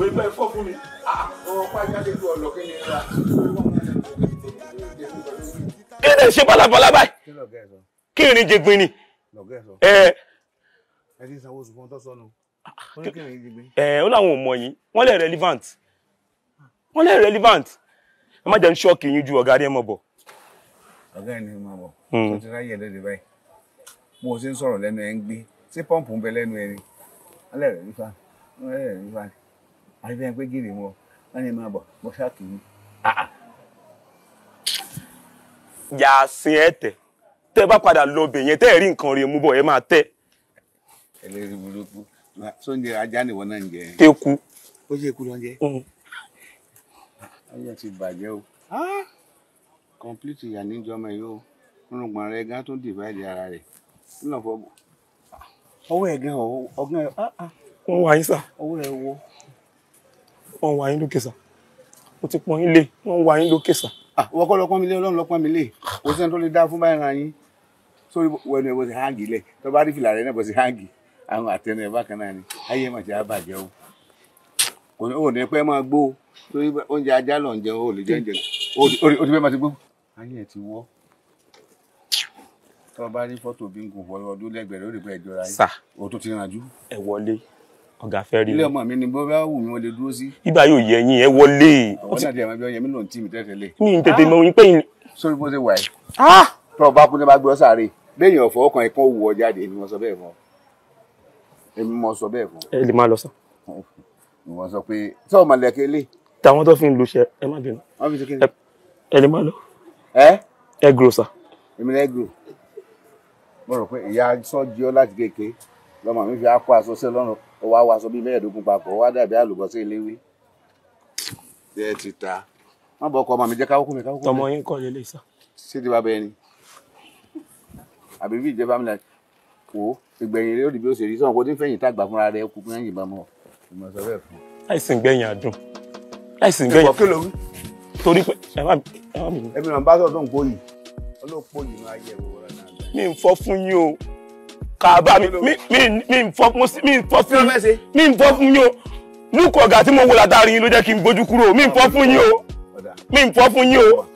orí pẹ́ fọ́ fún mi àwọn ah, pàjá lè lu ọ̀lọ́ kí ni ra kí ni ṣe bọ́lábọ́lá báyìí kí ni jẹgbin ni. ẹ ẹ ti sanwó ṣùgbọ́n tó sọnù ẹ ó láwọn ò mọ yín wọ́n lè relevant wọ́n lè relevant ẹ má jẹ́ ń ṣọ́ọ̀kì yín ju ọ̀gá rí ẹ mọ̀ bọ̀. ọ̀gá ẹni mọ̀ bọ̀ hmm. tó ti ráyè lóde báyìí bó o ń sọ̀rọ̀ lẹ́nu ẹ ń gbé ṣé pọ́ǹpù ń bẹ lẹ́nu ẹ ni wọ́n lè relevant wọ́n lè relevant àríwá ẹgbẹ́ gèrè wọn wọn ni máa bọ̀ mo ṣàkíyí. Ah, ah. yà á sin ẹ tẹ tẹ bá padà lọ bẹ yẹn tẹ ẹ rí nǹkan rẹ mú bọ ẹ máa tẹ. ẹlẹ́rìí burúkú sóúnjẹ ajá nìwọ náà ń jẹ. kéku. ó ṣe kú lọ́njẹ. ọjọ́ mm. ti bàjẹ́ o complete ìyá níjọmọ yìí o nrùngbọ̀n rẹ gan tó divide ara rẹ̀ nínú ọ̀fọ̀ ọwọ́ ẹ̀ gan ọ̀gán ẹ̀ wọ́n wà yín sà. ọwọ́ ẹ̀ wọ́. wọ́n wà yín lókè mo ti pọ́n yín lé wọ́n wà yín lókè wọ́n kọ́ lọ́pọ́n mi lé ọlọ́run lọ́pọ́n mi lé kò sí ẹni tó lè dá fún báyìí ra yín sórí wẹnu ẹ̀ bó háàgì lẹ̀ tó bá rí fìlà rẹ̀ náà bó háàgì àwọn àtẹnu ẹ̀ bákan náà ni ayé o ní pẹ́ máa gbó oúnjẹ ọ̀gá fẹ́ rí ilé ọmọ mi ni bọ́bá wù mí wọ́n lè dúró sí. ibà yóò yẹ yín ẹ wọlé. ọwọ́ náà ti àwọn ẹgbẹ́ yẹmí ló ń tì mí tẹ́tẹ́lẹ̀. mi ń tètè mọ pé. sórí bó ṣe wà yìí. tó o bá kú ní bá gbé ọ sáré lẹ́yìn ọ̀fọ̀ ọkàn ẹ̀kan òwú ọ jáde èmi mo sọ bẹ́ẹ̀ fún ọ. èmi mo sọ bẹ́ẹ̀ fún ọ. ẹ lè máa lọ sàn. ìwọ sọ pé tó o mọ lẹ́kẹ́ lé. tàwọn tó fi ń lu iṣẹ́ ẹ má bínú. ẹ lè máa lọ. ẹ. ẹ gùrò sà lọ́mọ mi fi akọ aṣọ sí lọ́rùn ó wá wàṣọ bíi mẹ́ẹ̀ẹ́dógún papọ̀ ó wá dàbí àlùbọ́sẹ̀ eléwé ẹ ti ta má bọ̀ ọkọ ọmọ mi jẹ́ káwókù mi káwókù mi. tọmọ yín kọ lélẹ̀ sá. ṣé ti bàbá ẹni àbí bí ìjẹba mi là wò ó ìgbẹ̀yìn rẹ ó di bí ó ṣe rí sọ̀rọ̀ kó tí ń fẹ̀yìn tàgbà fúnra rẹ kú fún ẹ̀yìn bàmọ́ ìmọ̀ sọ bẹ́ẹ̀ fún. láìsìn gbẹ̀yìn àdùn láìsìn gbẹ̀yìn. ìwọ kí ló torí pé ẹ má mi. ẹ̀mí náà bá sọ̀tún pòyì ọlọ́pọ̀ yìí máa yẹ̀ rẹ̀ náà. mi ń fọ́ fún yín o kàbá mi mi mi fọkún sí mi fọ fún yín mi fọ fún yín o lúkọ̀ ọ̀gá tí mo wò látàrí yín ló jẹ́ kí n gbójú kúrò mi fọ fún yín o mi fọ fún yín o.